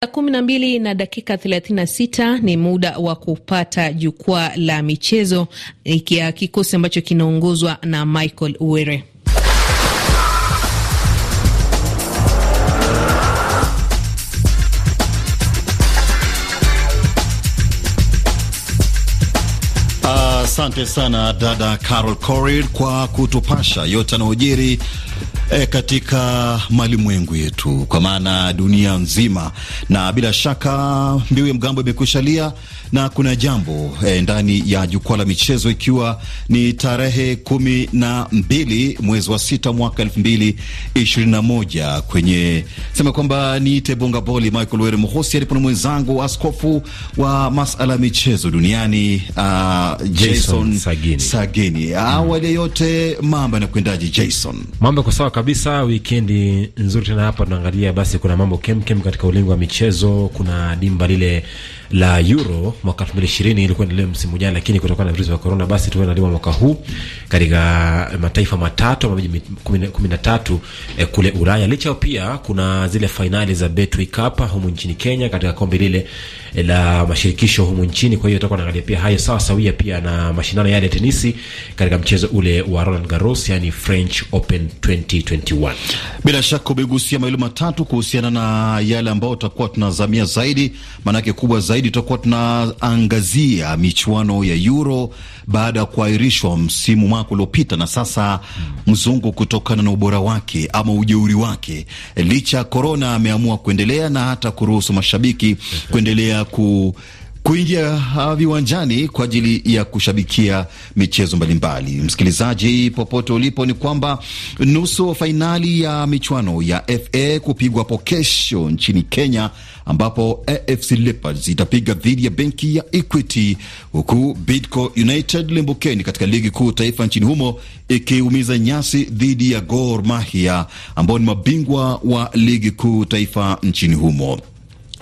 Saa kumi na mbili na dakika 36 ni muda wa kupata jukwaa la michezo ya ah, kikosi ambacho kinaongozwa na Michael Were. Asante sana dada Carol Corid kwa kutupasha yote yanayojiri e, katika malimwengu yetu, kwa maana dunia nzima, na bila shaka mbiu ya mgambo imekushalia na kuna jambo e, ndani ya jukwaa la michezo, ikiwa ni tarehe kumi na mbili mwezi wa sita mwaka elfu mbili ishirini na moja kwenye sema kwamba niite bonga boli, Michael Were Mhosi alipo na mwenzangu askofu wa masala ya michezo duniani uh, ah, Jason, Jason Sagini, Sagini. Mm. Awali yote mambo yanakwendaje Jason? Mambo kwa sawa kabisa, wikendi nzuri tena. Hapa tunaangalia basi, kuna mambo kemkem katika ulingo wa michezo, kuna dimba lile la Euro mwaka 2020 ilikuwa inaendelea msimu jana, lakini kutokana na virusi vya corona, basi tuwe nalima mwaka huu katika eh, mataifa matatu ama miji 13 eh, kule Ulaya. Licha pia kuna zile finali za Betway Cup humu nchini Kenya katika kombe lile eh, la mashirikisho humu nchini. Kwa hiyo tutakuwa tunaangalia pia hayo sawa sawia pia na mashindano yale ya tenisi katika mchezo ule wa Roland Garros, yani French Open 2021. Bila shaka umegusia mawili matatu kuhusiana na yale ambayo tutakuwa tunazamia zaidi, maanake kubwa zaidi zaidi tutakuwa tunaangazia michuano ya Euro baada ya kuahirishwa msimu mwaka uliopita na sasa mzungu, kutokana na ubora wake ama ujeuri wake, licha ya korona, ameamua kuendelea na hata kuruhusu mashabiki kuendelea ku kuingia viwanjani kwa ajili ya kushabikia michezo mbalimbali. Msikilizaji popote ulipo, ni kwamba nusu fainali ya michuano ya FA kupigwa hapo kesho nchini Kenya, ambapo AFC Leopards itapiga dhidi ya benki ya Equity, huku Bidco United limbukeni katika ligi kuu taifa nchini humo ikiumiza nyasi dhidi ya Gor Mahia ambao ni mabingwa wa ligi kuu taifa nchini humo.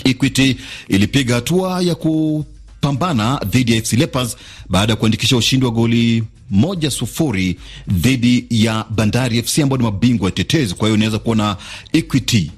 Equity ilipiga hatua ya kupambana dhidi ya FC Leopards baada ya kuandikisha ushindi wa goli moja sufuri dhidi ya Bandari FC ambao ni mabingwa tetezi. Kwa hiyo unaweza kuona Equity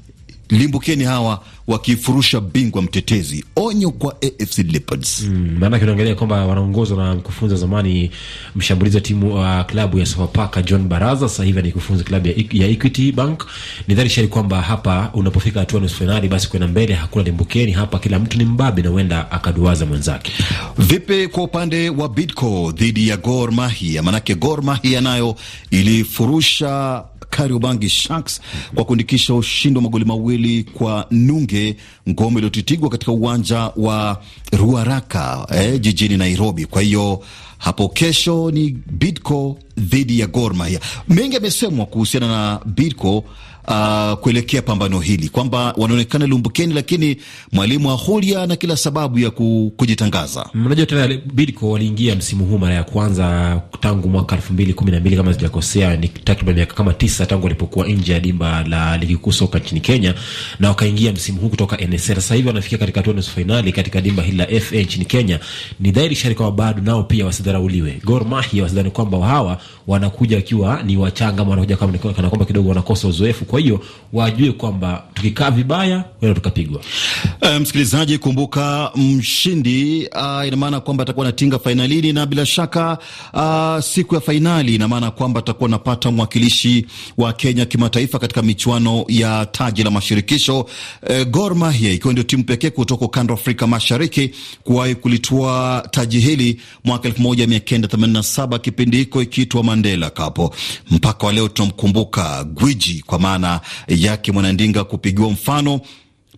limbukeni hawa wakifurusha bingwa mtetezi. Onyo kwa AFC Leopards. Mm, maanake unaangalia kwamba wanaongozwa na mkufunzi wa zamani mshambulizi wa timu wa uh, klabu ya Sofapaka John Baraza, sasa hivi anikufunza klabu ya, ya Equity Bank. Ni dhahiri shari kwamba hapa unapofika hatua nusu fainali, basi kwenda mbele hakuna limbukeni hapa, kila mtu ni mbabe na huenda akaduaza mwenzake. Vipi kwa upande wa Bidco dhidi ya Gor Mahia? Maanake Gor Mahia nayo ilifurusha Kariobangi Sharks kwa kuandikisha ushindi wa magoli mawili kwa nunge, ngome iliotitigwa katika uwanja wa Ruaraka eh, jijini Nairobi. Kwa hiyo hapo kesho ni Bidco dhidi ya Gor Mahia. Mengi amesemwa kuhusiana na Bidco uh, kuelekea pambano hili kwamba wanaonekana lumbukeni, lakini mwalimu Ahulia na kila sababu ya kujitangaza. Mnajua tena Bidco waliingia msimu huu mara ya kwanza tangu mwaka elfu mbili kumi na mbili kama sijakosea, ni takriban miaka kama tisa tangu walipokuwa nje ya dimba la ligi kuu soka nchini Kenya, na wakaingia msimu huu kutoka NSL. Sasa hivi wanafikia katika hatua nusu fainali katika dimba hili la FA nchini Kenya. Ni dhahiri shari kwamba bado nao pia wasidharauliwe. Gor Mahia wasidhani kwamba hawa wanakuja wakiwa ni wachanga ama wanakuja kama kana kwamba kidogo wanakosa uzoefu. Kwa hiyo wajue kwamba tukikaa vibaya wenda tukapigwa. E, msikilizaji, kumbuka mshindi uh, ina maana kwamba atakuwa anatinga fainalini na bila shaka uh, siku ya fainali ina maana kwamba atakuwa anapata mwakilishi wa Kenya kimataifa katika michuano ya taji la mashirikisho. E, Gor Mahia ikiwa ndio timu pekee kutoka ukanda wa Afrika Mashariki kuwahi kulitoa taji hili mwaka 1987 kipindi hiko ikiitwa Mandela Cup. Mpaka wa leo tunamkumbuka gwiji kwa maana sana yake Mwanandinga kupigiwa mfano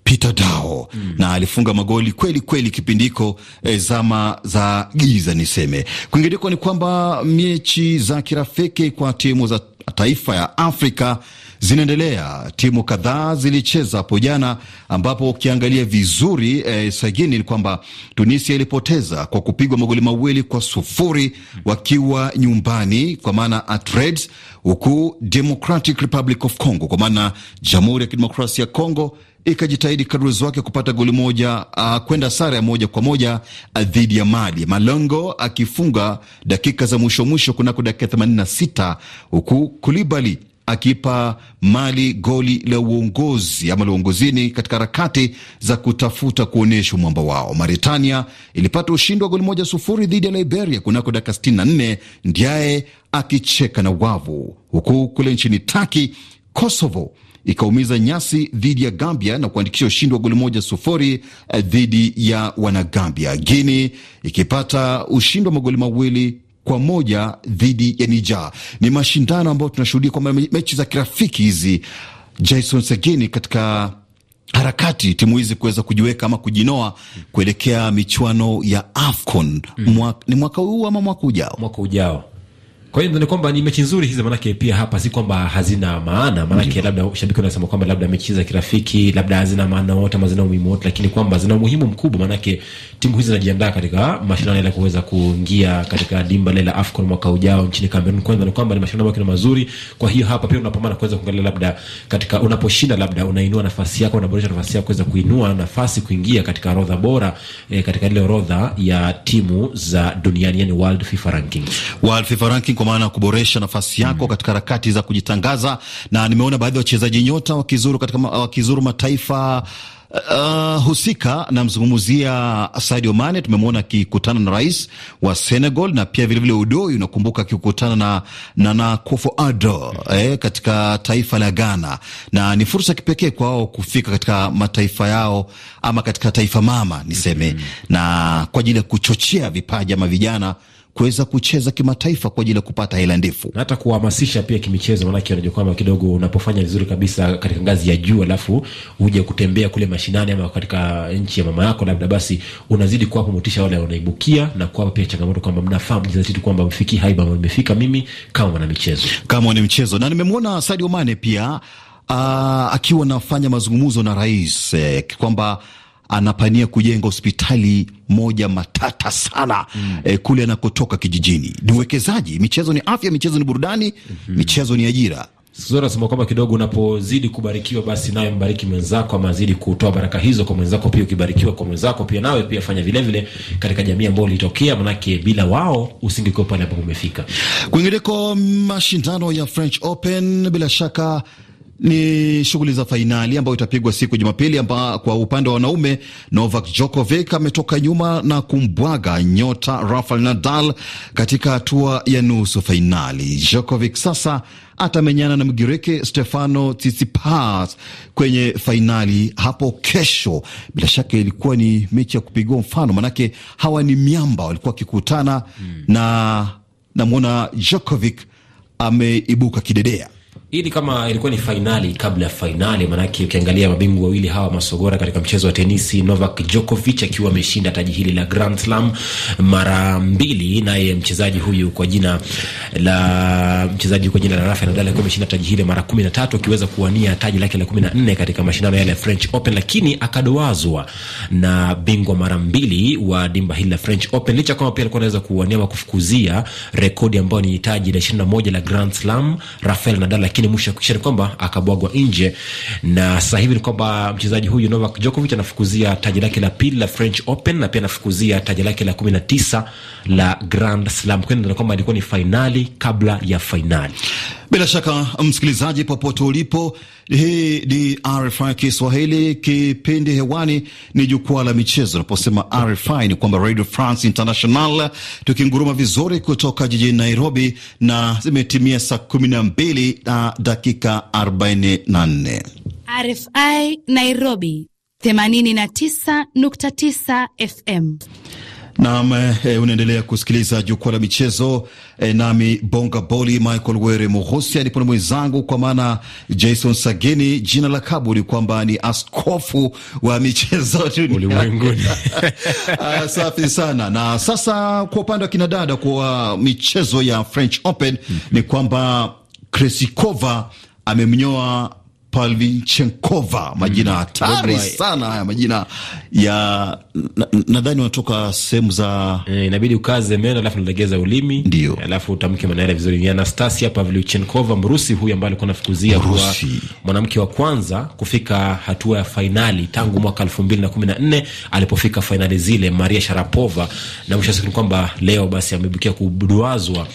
Peter Dao mm. na alifunga magoli kweli kweli kipindiko e, eh, zama za giza niseme. Kwingineko ni kwamba mechi za kirafiki kwa timu za taifa ya Afrika zinaendelea. Timu kadhaa zilicheza hapo jana, ambapo ukiangalia vizuri eh, sagini ni kwamba Tunisia ilipoteza kwa kupigwa magoli mawili kwa sufuri wakiwa nyumbani, kwa maana Atreds, huku Democratic Republic of Congo, kwa maana Jamhuri ya Kidemokrasia ya Congo ikajitahidi kadri wake kupata goli moja uh, kwenda sare ya moja kwa moja ah, dhidi ya Mali, Malongo akifunga dakika za mwisho mwisho kunako dakika 86 huku Kulibali akipa Mali goli la uongozi ama la uongozini katika harakati za kutafuta kuonyesha mwamba wao. Maritania ilipata ushindi wa goli moja sufuri dhidi ya Liberia kunako dakika 64, Ndiaye akicheka na wavu, huku kule nchini Taki Kosovo ikaumiza nyasi dhidi ya Gambia na kuandikisha ushindi wa goli moja sufuri eh, dhidi ya Wanagambia. Guini ikipata ushindi wa magoli mawili kwa moja dhidi ya Nija. Ni mashindano ambayo tunashuhudia kwamba mechi za kirafiki hizi, Jason Segeni katika harakati timu hizi kuweza kujiweka ama kujinoa kuelekea michuano ya AFCON. Mm. Mwaka, ni mwaka huu ama mwaka ujao? Mwaka ujao. Kwa hiyo ndio kwamba ni mechi nzuri hizi, maanake pia hapa si kwamba hazina maana, maanake labda shabiki unasema kwamba labda mechi za kirafiki labda hazina maana wote ama zina umuhimu wote, lakini kwamba zina umuhimu mkubwa, maanake timu hizi zinajiandaa katika mashindano ya kuweza kuingia katika dimba la AFCON mwaka ujao nchini Cameroon. Kwanza ni kwamba ni mashindano ambayo mazuri, kwa hiyo hapa pia unapambana kuweza kuangalia labda katika unaposhinda, labda unainua nafasi yako, unaboresha nafasi yako kuweza kuinua nafasi kuingia katika orodha bora eh, katika ile orodha ya timu za duniani, yani World FIFA Ranking, World FIFA Ranking kwa maana ya kuboresha nafasi yako mm, katika harakati za kujitangaza, na nimeona baadhi ya wachezaji nyota wakizuru katika ma, wakizuru mataifa uh, uh, husika namzungumzia Sadio Mane, tumemwona akikutana na rais wa Senegal na pia vilevile udoi, unakumbuka akikutana na Nana Akufo-Addo eh, katika taifa la Ghana, na ni fursa kipekee kwao kufika katika mataifa yao ama katika taifa mama niseme, mm -hmm. na kwa ajili ya kuchochea vipaji ama vijana kuweza kucheza kimataifa kwa ajili ya kupata hela ndefu na hata kuhamasisha pia kimichezo, maanake anajua kwamba kidogo unapofanya vizuri kabisa katika ngazi ya juu, alafu huja kutembea kule mashinani ama katika nchi ya mama yako, labda basi unazidi kuwapa motisha wale wanaibukia na kuwapa pia changamoto kwamba mnafahamu jizatiti kwamba mfikia haiba nimefika mimi kama mwanamichezo, kama mwanamichezo. Na nimemwona Sadio Mane pia uh, akiwa nafanya mazungumzo na rais eh, kwamba anapania kujenga hospitali moja matata sana mm. Eh, kule anakotoka kijijini. Ni uwekezaji. Michezo ni afya, michezo ni burudani mm -hmm. Michezo ni ajira. Sasa nasema kwamba kidogo unapozidi kubarikiwa, basi nawe mbariki mwenzako, ama azidi kutoa baraka hizo kwa mwenzako. Pia ukibarikiwa kwa mwenzako, pia nawe pia fanya vile vile katika jamii ambayo ulitokea, manake bila wao usingekuwa pale ambapo umefika. Kwingineko, mashindano ya French Open bila shaka ni shughuli za fainali ambayo itapigwa siku ya Jumapili, amba kwa upande wa wanaume Novak Djokovic ametoka nyuma na kumbwaga nyota Rafael Nadal katika hatua ya nusu fainali. Djokovic sasa atamenyana na Mgiriki Stefano Tsitsipas kwenye fainali hapo kesho. Bila shaka ilikuwa ni mechi ya kupigiwa mfano, manake hawa ni miamba walikuwa wakikutana, hmm. na namwona Djokovic ameibuka kidedea. Hii ni kama ilikuwa ni fainali kabla ya fainali, maanake ukiangalia mabingwa wawili hawa masogora katika mchezo wa tenisi, Novak Djokovic akiwa ameshinda taji hili la Grand Slam mara mbili, naye mchezaji huyu kwa jina la mchezaji kwa jina la Rafael Nadal akiwa ameshinda taji hili mara kumi na tatu akiweza kuwania taji lake la kumi na nne katika mashindano yale ya French Open, lakini akadoazwa na bingwa mara mbili wa dimba hili la French Open, licha kwamba pia alikuwa anaweza kuwania wa kufukuzia rekodi ambayo ni taji la ishirini na moja la Grand Slam Rafael Nadal lakini mwisho akikisha ni kwamba akabwagwa nje, na sasa hivi ni kwamba mchezaji huyu Novak Djokovic anafukuzia taji lake la pili la French Open na pia anafukuzia taji lake la kumi na tisa la Grand Slam, kwenda kwamba ilikuwa ni fainali kabla ya fainali. Bila shaka msikilizaji, popote ulipo, hii ni RFI Kiswahili, kipindi hewani ni jukwaa la michezo. Naposema RFI ni kwamba Radio France International, tukinguruma vizuri kutoka jijini Nairobi, na zimetimia saa kumi na mbili na dakika 44. RFI Nairobi 89.9 FM. Naam, eh, unaendelea kusikiliza jukwaa la michezo e, nami Bonga Boli Michael Were mohosi alipo na mwenzangu kwa maana Jason Sageni, jina la kabu ni kwamba ni askofu wa michezo ulimwenguni. Ah, safi sana. Na sasa kwa upande wa kinadada kwa michezo ya French Open mm -hmm. ni kwamba Kresikova amemnyoa Palvinchenkova, majina mm-hmm. hatari mm, sana haya majina ya nadhani na wanatoka sehemu za e, inabidi ukaze meno alafu nalegeza ulimi ndio, e, alafu utamke maneno vizuri. Ni Anastasia Pavlichenkova, Mrusi huyu ambaye alikuwa anafukuzia kuwa mwanamke wa kwanza kufika hatua ya fainali tangu mwaka elfu mbili na kumi na nne alipofika fainali zile Maria Sharapova, na mwisho siku ni kwamba leo basi amebukia kubuduazwa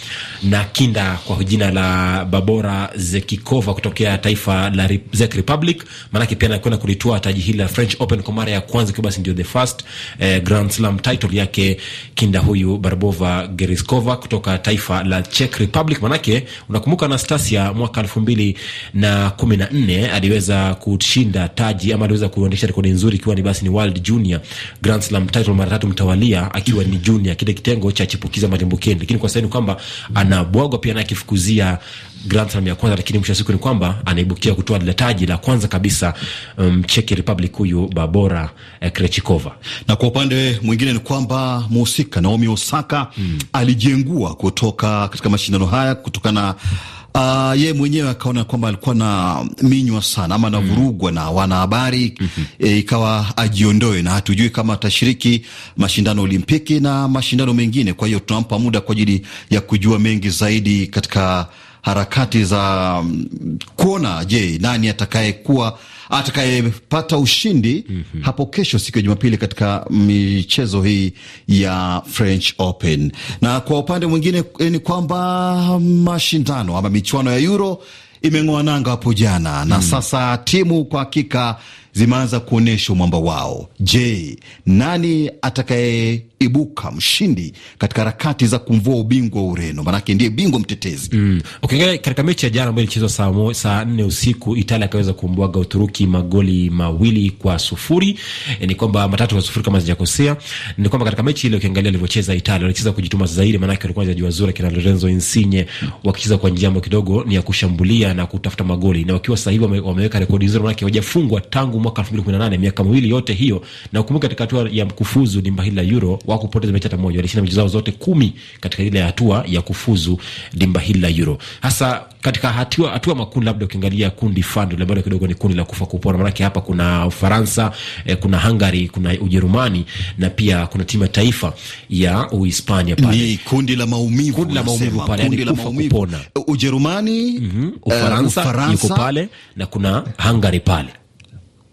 na kinda kwa jina la Babora Zekikova kutokea taifa la Czech Republic, maanake pia anakwenda kulitoa taji hili la French Open kwa mara ya kwanza, ikiwa basi ndio the first eh, Grand Slam title yake kinda huyu Barbova Geriskova kutoka taifa la Czech Republic. Maanake unakumbuka Anastasia mwaka elfu mbili na kumi na nne aliweza kushinda taji ama aliweza kuandikisha rekodi nzuri, ikiwa ni basi ni World Junior Grand Slam title mara tatu mtawalia, akiwa ni junior, kile kitengo cha chipukiza malimbukeni, lakini kwa sasa ni kwamba anabwagwa pia na akifukuzia Grand Slam ya kwanza, lakini mwisho wa siku ni kwamba anaibukia kutoa lile taji la kwanza kabisa um, Republic huyu Barbora eh, Krejcikova. Na kwa upande mwingine ni kwamba mhusika Naomi Osaka hmm. alijengua kutoka katika mashindano haya kutokana Uh, ye mwenyewe akaona kwamba alikuwa na minywa sana ama anavurugwa hmm. mm. na wanahabari mm -hmm. E, ikawa ajiondoe na hatujui kama atashiriki mashindano Olimpiki na mashindano mengine. Kwa hiyo tunampa muda kwa ajili ya kujua mengi zaidi katika harakati za mm, kuona je, nani atakayekuwa atakayepata ushindi mm -hmm. hapo kesho siku ya Jumapili katika michezo hii ya French Open. Na kwa upande mwingine eh, ni kwamba mm, mashindano ama michuano ya Euro imeng'oa nanga hapo jana na mm. Sasa timu kwa hakika zimeanza kuonyesha umwamba wao. Je, nani atakayeibuka mshindi katika harakati za kumvua ubingwa wa Ureno? Maanake ndiye bingwa mtetezi. Mm. Okay, katika mechi ya jana ambayo ilichezwa saa saa nne usiku, Italia akaweza kumbwaga Uturuki magoli mawili kwa sufuri. E, ni kwamba matatu kwa sufuri kama zijakosea. Ni kwamba katika mechi ile ukiangalia alivyocheza Italia, walicheza kujituma zaidi, maanake walikuwa wachezaji wazuri kina Lorenzo Insigne wakicheza kwa njia ambayo kidogo ni ya kushambulia na kutafuta magoli, na wakiwa sasa hivi wameweka rekodi nzuri, maanake hawajafungwa tangu mwaka 2018 miaka miwili yote hiyo, na ukumbuke katika hatua ya kufuzu dimba hili la Euro wakupoteza mechi hata moja, walishinda mechi zao zote kumi katika ile hatua ya kufuzu dimba hili la Euro. Hasa katika hatua hatua makundi, labda ukiangalia kundi fando ambalo kidogo ni kundi la kufa kupona, maanake hapa kuna Ufaransa eh, kuna Hungary, kuna Ujerumani na pia kuna timu ya taifa ya Uhispania pale. Ni kundi la maumivu, kundi la maumivu pale, yani kufa kupona. Ujerumani, mm -hmm, Ufaransa, uh, Ufaransa yuko pale na kuna Hungary pale.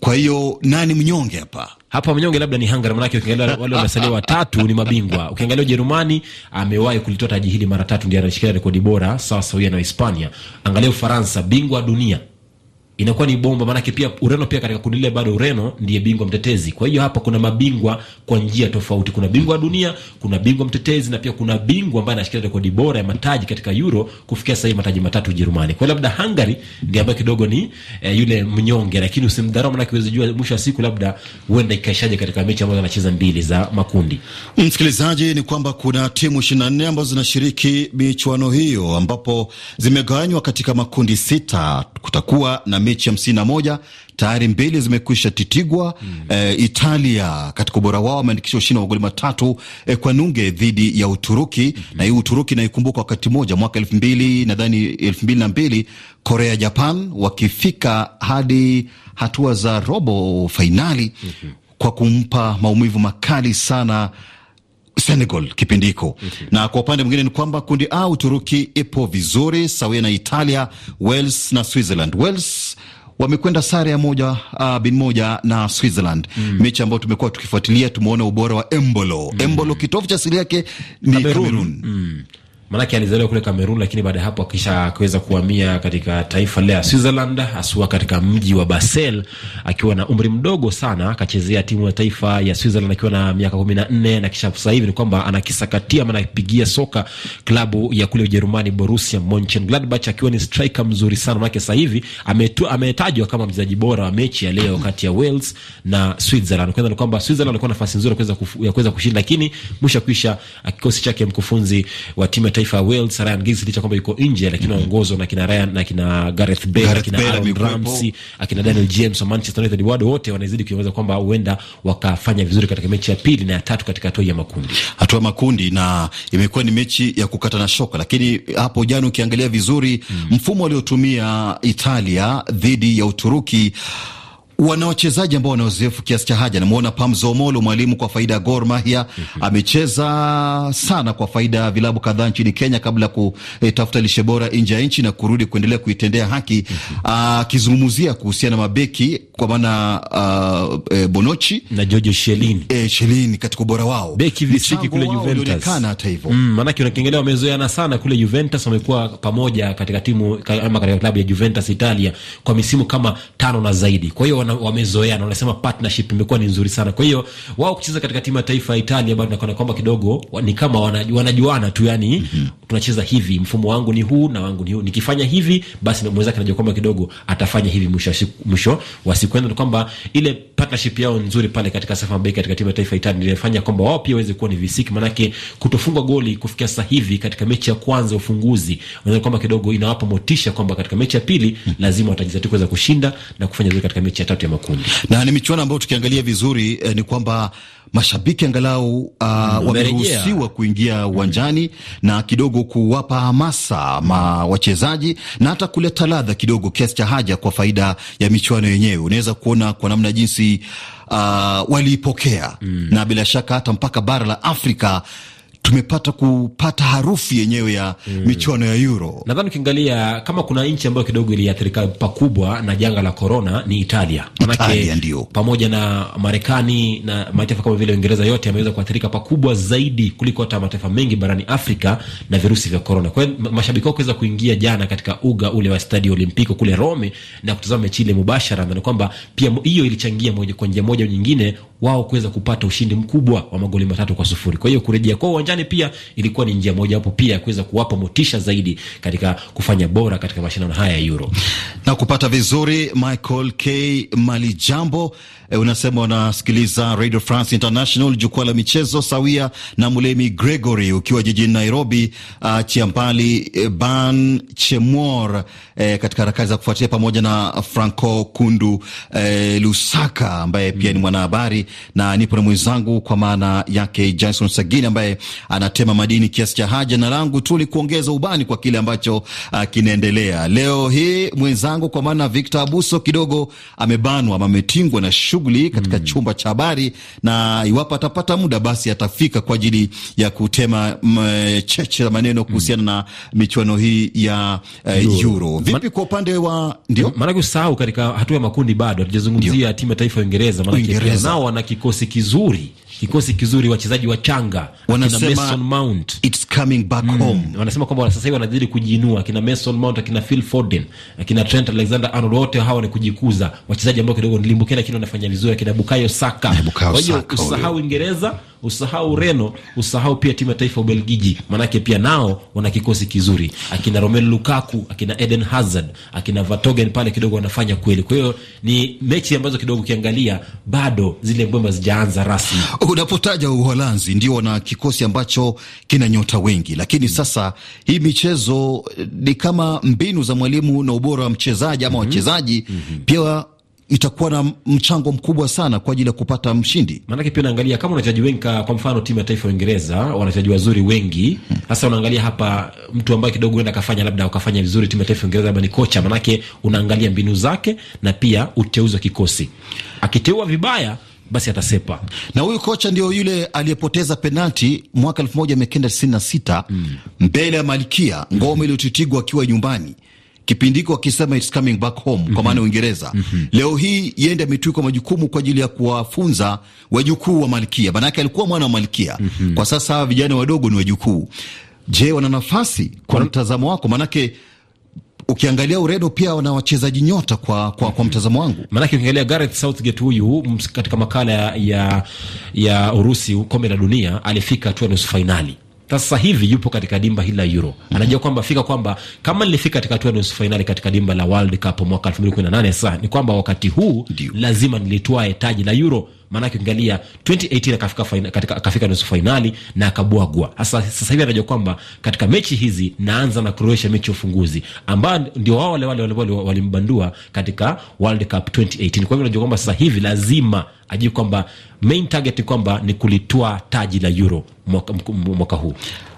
Kwa hiyo nani mnyonge hapa? Hapa mnyonge labda ni Hungary, manake ukiangalia wale wamesalia watatu ni mabingwa. Ukiangalia Ujerumani amewahi kulitoa taji hili mara tatu, ndio anashikilia rekodi bora sawa sawia na Hispania. Angalia Ufaransa, bingwa dunia inakuwa ni bomba, maanake pia Ureno pia katika kundi lile bado Ureno ndiye bingwa mtetezi. Kwa hiyo hapa kuna mabingwa kwa njia tofauti, kuna bingwa wa dunia, kuna bingwa mtetezi na pia kuna bingwa ambaye anashikilia rekodi bora ya mataji katika Euro kufikia sasa hivi mataji matatu Ujerumani. Kwa labda Hungary ndiye ambaye kidogo ni eh, yule mnyonge, lakini usimdharau, maanake uweze jua mwisho wa siku labda huenda ikaishaje katika mechi ambazo anacheza mbili za makundi. Msikilizaji, ni kwamba kuna timu 24 ambazo zinashiriki michuano hiyo ambapo zimegawanywa katika makundi sita kutakuwa na mechi hamsini na moja tayari mbili zimekwisha titigwa mm. E, Italia katika ubora wao wameandikisha ushindi wa magoli matatu e, kwa nunge dhidi ya Uturuki mm -hmm. na hii Uturuki naikumbuka wakati mmoja mwaka elfu mbili nadhani elfu mbili na mbili Korea Japan wakifika hadi hatua za robo fainali mm -hmm. kwa kumpa maumivu makali sana Senegal kipindi hiko -hmm. Na kwa upande mwingine ni kwamba kundi A Uturuki ipo vizuri sawia na Italia, Wales na Switzerland. Wales wamekwenda sare ya moja uh, bin moja na Switzerland mm. Mechi ambayo tumekuwa tukifuatilia, tumeona ubora wa Embolo mm. Embolo kitovu cha asili yake ni Cameroon mm maanake alizaliwa kule Kamerun, lakini baada ya hapo akisha akaweza kuhamia katika taifa la Switzerland, haswa katika mji wa Basel akiwa na umri mdogo sana. Akachezea timu ya taifa ya Switzerland akiwa na miaka kumi na nne na kisha sasa hivi ni kwamba anakisakatia ama anapigia soka klabu ya kule Ujerumani, Borussia Monchengladbach, akiwa ni striker mzuri sana maanake sasa hivi ametajwa kama mchezaji bora wa mechi ya leo kati ya Wales na Switzerland. Kwanza ni kwamba Switzerland alikuwa na nafasi nzuri ya kuweza kushinda, lakini mwisho kwisha kikosi chake mkufunzi wa timu ya kimataifa ya Wales, Ryan Giggs licha kwamba yuko nje, lakini anaongozwa mm -hmm. na kina Ryan na kina Gareth Bale Gareth akina Bale, Aaron Ramsey akina Daniel James wa Manchester United, wado wote wanazidi kuongeza kwamba huenda wakafanya vizuri katika mechi ya pili na ya tatu katika hatua ya makundi, hatua ya makundi, na imekuwa ni mechi ya kukata na shoka. Lakini hapo jana ukiangalia vizuri mm -hmm. mfumo aliotumia Italia dhidi ya Uturuki wana wachezaji ambao wana uzoefu kiasi cha haja. Namwona Pamzomolo, mwalimu kwa faida ya Gor Mahia, mhm. amecheza sana kwa faida ya vilabu kadhaa nchini Kenya kabla ya kutafuta e, lishe bora nje ya nchi na kurudi kuendelea kuitendea haki, mhm. akizungumzia kuhusiana na mabeki kwa maana e, Bonochi na Jojo Shelini, e, eh, Shelini katika ubora wao beki visiki kule Juventus, hata hivyo mm, maanake unakiangalia wamezoeana sana kule Juventus, wamekuwa pamoja katika timu ama katika klabu ya Juventus Italia kwa misimu kama tano na zaidi, kwa hiyo wamezoea na wanasema partnership imekuwa ni nzuri sana. Kwa hiyo wao kucheza katika timu ya taifa ya Italia bado nakona kwamba kidogo ni kama wanajuana tu yani, mm -hmm tunacheza hivi, mfumo wangu ni huu na wangu ni huu, nikifanya hivi basi mwenzake anajua kwamba kidogo atafanya hivi, mwisho mwisho wa siku enda yaani kwamba ile partnership yao nzuri pale katika safa mabeki katika timu ya taifa itani ilifanya kwamba wao pia waweze kuwa ni visiki, manake kutofungwa goli kufikia sasa hivi katika mechi ya kwanza ufunguzi, unaona kwamba kidogo inawapa motisha kwamba katika mechi ya pili lazima watajizatiti kuweza kushinda na kufanya vizuri katika mechi ya tatu ya makundi. Na ni michuano ambayo tukiangalia vizuri eh, ni kwamba mashabiki angalau uh, wameruhusiwa kuingia mm-hmm. uwanjani mm, na kidogo kujaribu kuwapa hamasa ma wachezaji na hata kuleta ladha kidogo kiasi cha haja kwa faida ya michuano yenyewe. Unaweza kuona kwa namna jinsi uh, waliipokea mm. na bila shaka hata mpaka bara la Afrika tumepata kupata harufu yenyewe ya mm. michuano ya Euro. Nadhani ukiangalia kama kuna nchi ambayo kidogo iliathirika pakubwa na janga la korona ni Italia, manake ndio pamoja na Marekani na mataifa kama vile Uingereza, yote yameweza kuathirika pakubwa zaidi kuliko hata mataifa mengi barani Afrika na virusi vya korona. Kwa hiyo mashabiki wao kuweza kuingia jana katika uga ule wa Stadio Olimpico kule Rome na kutazama mechi ile mubashara, nadhani kwamba pia hiyo ilichangia moja kwa njia moja nyingine wao kuweza kupata ushindi mkubwa wa magoli matatu kwa sufuri. Kwa hiyo kurejea kwao uwanjani pia ilikuwa ni njia moja wapo pia ya kuweza kuwapa motisha zaidi katika kufanya bora katika mashindano haya ya Euro. Na kupata vizuri Michael K Mali Jambo, e, eh, unasema unasikiliza Radio France International, jukwaa la michezo sawia na Mulemi Gregory ukiwa jijini Nairobi, uh, ah, Chiambali e, eh, Ban Chemor e, eh, katika harakati za kufuatia pamoja na Franco Kundu e, Lusaka ambaye pia mm, ni mwanahabari na nipo na mwenzangu kwa maana yake Jason Sagini ambaye anatema madini kiasi cha haja, na langu tu ni kuongeza ubani kwa kile ambacho uh, kinaendelea leo hii. Mwenzangu kwa maana Victor Abuso kidogo amebanwa ama ametingwa na shughuli katika mm, chumba cha habari, na iwapo atapata muda basi atafika kwa ajili ya kutema mm, cheche za maneno kuhusiana mm, na michuano hii ya uh, Euro. Vipi kwa upande wa ndio, maanake usahau katika hatua ya makundi bado hatujazungumzia timu ya taifa ya Uingereza, maanake nao wana na kikosi kizuri kikosi kizuri, wachezaji wachanga, Mason Mount it's coming back mm, home. Wanasema kwamba sasa hivi wanazidi kujiinua, kina Mason Mount, akina Phil Foden, akina Trent Alexander Arnold, wote hawa ni kujikuza wachezaji ambao kidogo nilimbukia, lakini wanafanya vizuri, akina Bukayo Saka. Kwa hiyo usahau Uingereza, usahau Reno, usahau pia timu ya taifa Ubelgiji, maanake pia nao wana kikosi kizuri, akina Romelu Lukaku, akina Eden Hazard, akina Vertonghen pale kidogo wanafanya kweli. Kwa hiyo ni mechi ambazo kidogo ukiangalia bado zile mbwemba zijaanza rasmi. Unapotaja Uholanzi, ndio wana kikosi ambacho kina nyota wengi, lakini mm. sasa hii michezo eh, ni kama mbinu za mwalimu na ubora wa mchezaji ama mm -hmm. wachezaji mm -hmm. pia itakuwa na mchango mkubwa sana kwa ajili ya kupata mshindi. Maanake pia unaangalia kama wanachezaji wengi, kwa mfano timu ya taifa ya Uingereza wanachezaji wazuri wengi mm. hasa. Unaangalia hapa mtu ambaye kidogo enda akafanya labda akafanya vizuri timu ya taifa ya Uingereza labda ni kocha, maanake unaangalia mbinu zake na pia uteuzi wa kikosi. Akiteua vibaya basi atasepa. Na huyu kocha ndio yule aliyepoteza penalti mwaka 1996 mm. mbele ya Malkia mm-hmm. ngome mm. iliyotitigwa akiwa nyumbani kipindiko akisema it's coming back home mm -hmm. kwa mm-hmm. maana Uingereza mm -hmm. leo hii yende ametuikwa majukumu kwa ajili ya kuwafunza wajukuu wa Malkia, maanake alikuwa mwana wa Malkia mm -hmm. kwa sasa hawa vijana wadogo ni wajukuu. Je, wana nafasi kwa mtazamo wako? Maanake ukiangalia Uredo pia wana wachezaji nyota kwa, kwa, kwa mtazamo wangu, maanake ukiangalia Gareth Southgate huyu katika makala ya, ya Urusi kombe la dunia alifika hatua nusu fainali. Sasa hivi yupo katika dimba hili la Euro, anajua kwamba fika kwamba kama nilifika katika hatua nusu fainali katika dimba la World Cup mwaka elfu mbili kumi na nane sasa ni kwamba wakati huu Diu, lazima nilitwae taji la Euro maanake ukiangalia 2018 akafika katika, akafika nusu fainali na akabwagwa. Sasa sasa hivi anajua kwamba katika mechi hizi naanza na Croatia mechi ya ufunguzi ambao ndio wao wale wale wale wale katika World Cup 2018. Kwa hivyo anajua kwamba sasa hivi lazima ajui kwamba main target kwamba ni kulitoa taji la Euro mwaka, mwaka huu.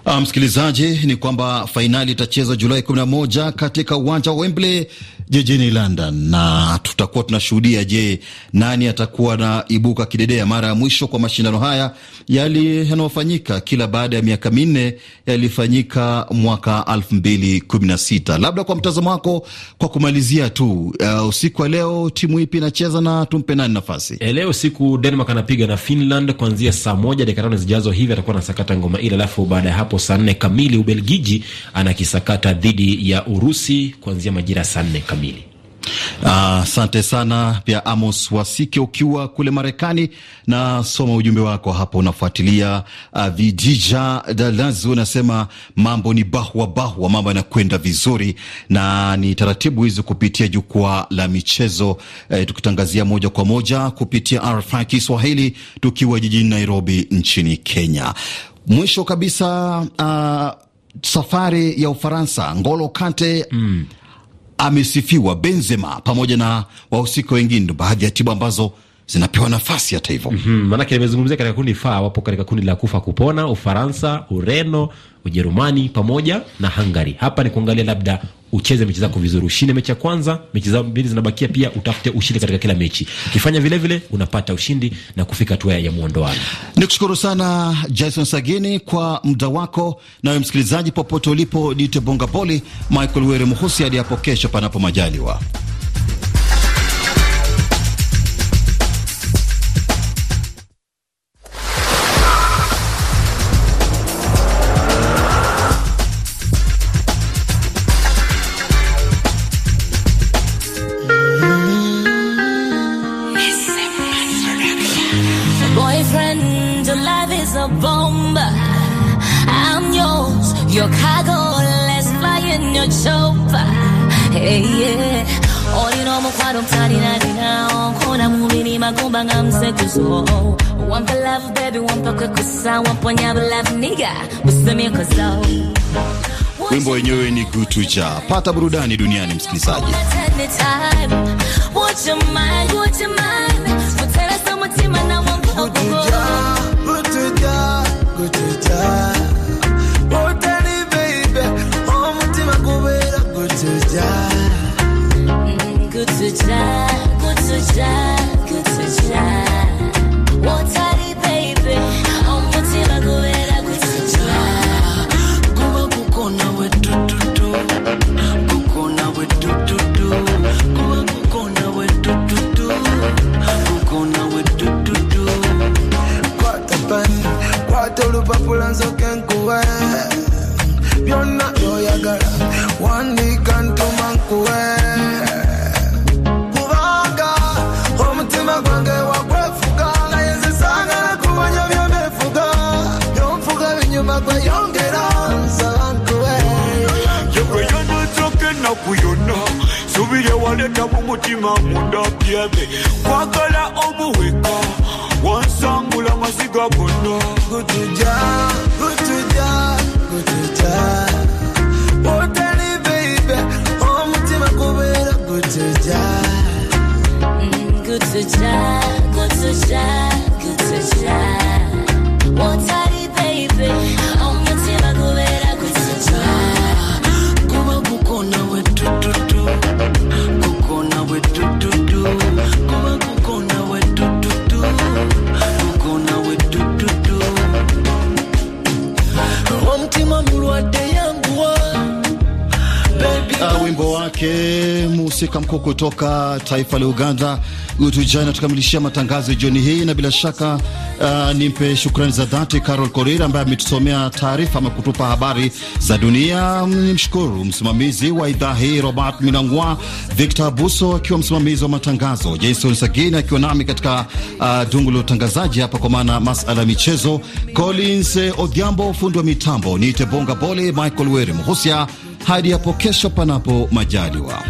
Ah, msikilizaji, ni kwamba fainali itachezwa Julai 11 katika uwanja wa Wembley jijini London, na tutakuwa tunashuhudia, je, nani atakuwa na ibuka kidedea? Mara ya mwisho kwa mashindano haya yali yanayofanyika kila baada ya miaka minne yalifanyika mwaka 2016. Labda kwa mtazamo wako, kwa kumalizia tu, uh, usiku wa leo timu ipi inacheza na tumpe nani nafasi? E, Leo usiku Denmark anapiga na Finland kuanzia saa moja dakika tano zijazo hivi, atakuwa na sakata ngoma ile, alafu baada ya hapo hapo saa nne kamili Ubelgiji anakisakata dhidi ya Urusi kuanzia majira ya saa nne kamili. Asante uh, sana pia Amos Wasike ukiwa kule Marekani. Na soma ujumbe wako hapo, unafuatilia uh, vijija dalazi, unasema mambo ni bahwa bahwa, mambo yanakwenda vizuri na ni taratibu hizi kupitia jukwaa la michezo eh, tukitangazia moja kwa moja kupitia RFI Kiswahili tukiwa jijini Nairobi nchini Kenya. Mwisho kabisa, uh, safari ya Ufaransa, Ngolo Kante mm. amesifiwa Benzema pamoja na wahusika wengine, baadhi ya timu ambazo zinapewa nafasi hata hivyo. mm -hmm. Maanake nimezungumzia katika kundi faa, wapo katika kundi la kufa kupona Ufaransa, Ureno, Ujerumani pamoja na Hungary. Hapa ni kuangalia labda ucheze mechi zako vizuri, ushinde mechi ya kwanza, mechi za mbili zinabakia, pia utafute ushindi katika kila mechi. Ukifanya vile vile unapata ushindi na kufika hatua ya mwondoano. Nikushukuru sana Jason Sagini kwa muda wako, nawe msikilizaji popote ulipo, dite bonga boli Michael Were Muhusi hadi hapo kesho, panapo majaliwa. Wimbo wenyewe ni Gutuja. Pata burudani duniani msikilizaji. Watch your mind, watch your mind. mubiri ewaleeta bumutima mundabyebe kwagala omuweka wansangula maziga gonna gutuja gutuja gutuja otali beibe omutima gubeera mm, gutuja gutuja gutuja gutuja wake Musika Mkuu kutoka taifa la Uganda. Utujana tukamilishia matangazo ya jioni hii, na bila shaka uh, nimpe shukrani za dhati Carol Korira ambaye ametusomea taarifa ama kutupa habari za dunia. Nimshukuru msimamizi wa idhaa hii Robert Minangwa, Victor Buso akiwa msimamizi wa matangazo, Jason Sagini akiwa nami katika uh, dungu la utangazaji hapa, kwa maana masala ya michezo, Collins Odhiambo fundi wa mitambo, niite Bonga Bole, Michael Were mhusia hadi hapo kesho, panapo majaliwa.